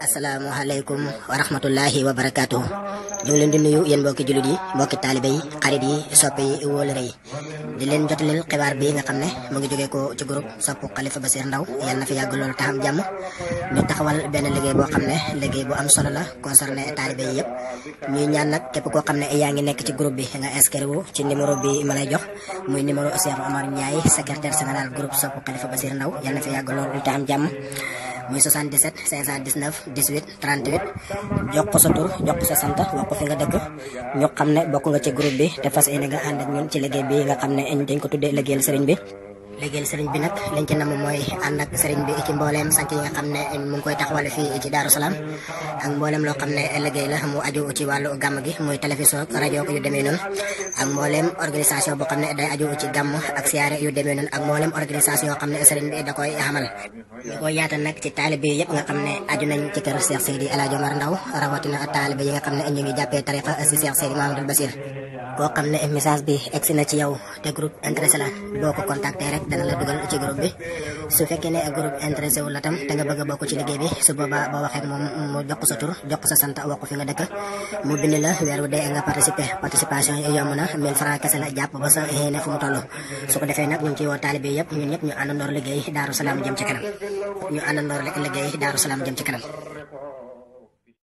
asalaamaaleykum wa rahmatullahi wa barakaatuhu ñu leen di nuyu yeen mbokki julit yi mbokki talibé yi xarit yi soppé yi wóolare yi di leen jotalil xibaar bi nga xamné mo ngi joggé ko ci groupe sopp khalifa basir Ndaw yal na fi yag lool taxam jàmm ñu taxawal benn liggéey bo xamné liggéey bu am solo la concerné talibé yi yépp ñuy ñaan nak képp ko xamné ne yaa ngi nekk ci groupe bi nga inscrire wu ci numéro bi ma lay jox muy numéro Cheikh Omar Ndiaye secrétaire général groupe sopp khalifa basir Ndaw yal na fi yag lool taxam jàmm muy 77 519 18 38 jox ko sa tur jox ko sa sant wax ko fi nga dëkk ñu xam ne bokk nga ci groupe bi te fas yéene nga ànd ak ñun ci liggéey bi nga xam ne dañ ko tuddee liggéeyal sëriñ bi. legel serigne bi nak lañ ci nam moy andak serigne bi ci mbollem sank yi nga xamne mu ngoy taxawal fi ci daru salam ak mbollem lo xamne ne la mu aju ci walu gam gi moy television ak ko yu demee non ak mbollem organisation bo xamne day aju ci gam ak siyaare yu demee non ak mbollem organisation xamne serigne bi da koy xamal ko yaata nak ci taalibe yi nga xamne aju nañ ci kër Cheikh Seydi El Hadji ndaw rawati na taalibe yi nga xamne ñu ngi jappé tariqa Cheikh Seydi Mahamadou Basir koo xamne message bi egsi na ci yow te groupe intéressant boko contacter rek dana la dugal ci groupe bi su fekkee ne groupe intéressé wu la tam te nga bëgg a bokk ci liggéey bi su boobaa boo waxee mu jox sa tur jox sa sant wax ko fi nga dëkk mu bind la weer wu dee nga participer participation yomb na 1000 francs kese la jàpp ba sa xëy fu mu toll su ko defee nag ñu ngi ciy woo taalibe yëpp ñun ñëpp ñu àndandoor liggéey Daaru Salaam jëm ci kanam ñu àndandoor liggéey Daaru Salaam jëm ci kanam